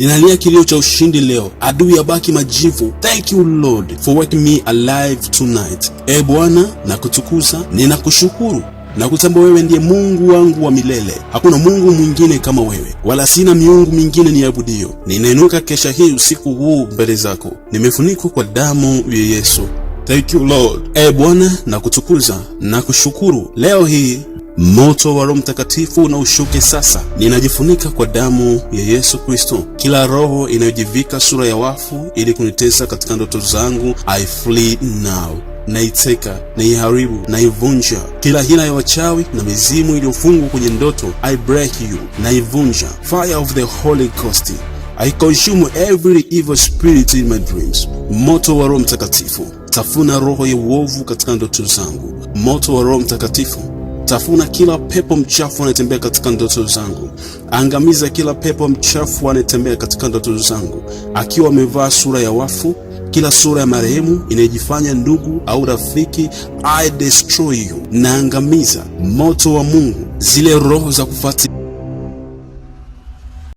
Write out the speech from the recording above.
Ninalia kilio cha ushindi leo, adui yabaki majivu. Thank you Lord for waking me alive tonight. E Bwana, nakutukuza, ninakushukuru na kutamba wewe ndiye Mungu wangu wa milele. Hakuna Mungu mwingine kama wewe, wala sina miungu mingine ni niabudio. Ninainuka kesha hii usiku huu mbele zako, nimefunikwa kwa damu ya Yesu. Thank you Lord. E Bwana, nakutukuza, nakushukuru leo hii Moto wa Roho Mtakatifu na ushuke sasa. Ninajifunika kwa damu ya Yesu Kristo. Kila roho inayojivika sura ya wafu ili kunitesa katika ndoto zangu, I flee now. Naiteka, naiharibu, naivunja. Kila hila ya wachawi na mizimu iliyofungwa kwenye ndoto, I break you, naivunja. Fire of the Holy Ghost I consume every evil spirit in my dreams. Moto wa Roho Mtakatifu, tafuna roho ya uovu katika ndoto zangu. Moto wa Roho Mtakatifu Tafuna kila pepo mchafu anayetembea katika ndoto zangu. Angamiza kila pepo mchafu anayetembea katika ndoto zangu, akiwa amevaa sura ya wafu, kila sura ya marehemu inayojifanya ndugu au rafiki. I destroy you, naangamiza moto wa Mungu zile roho za kufuata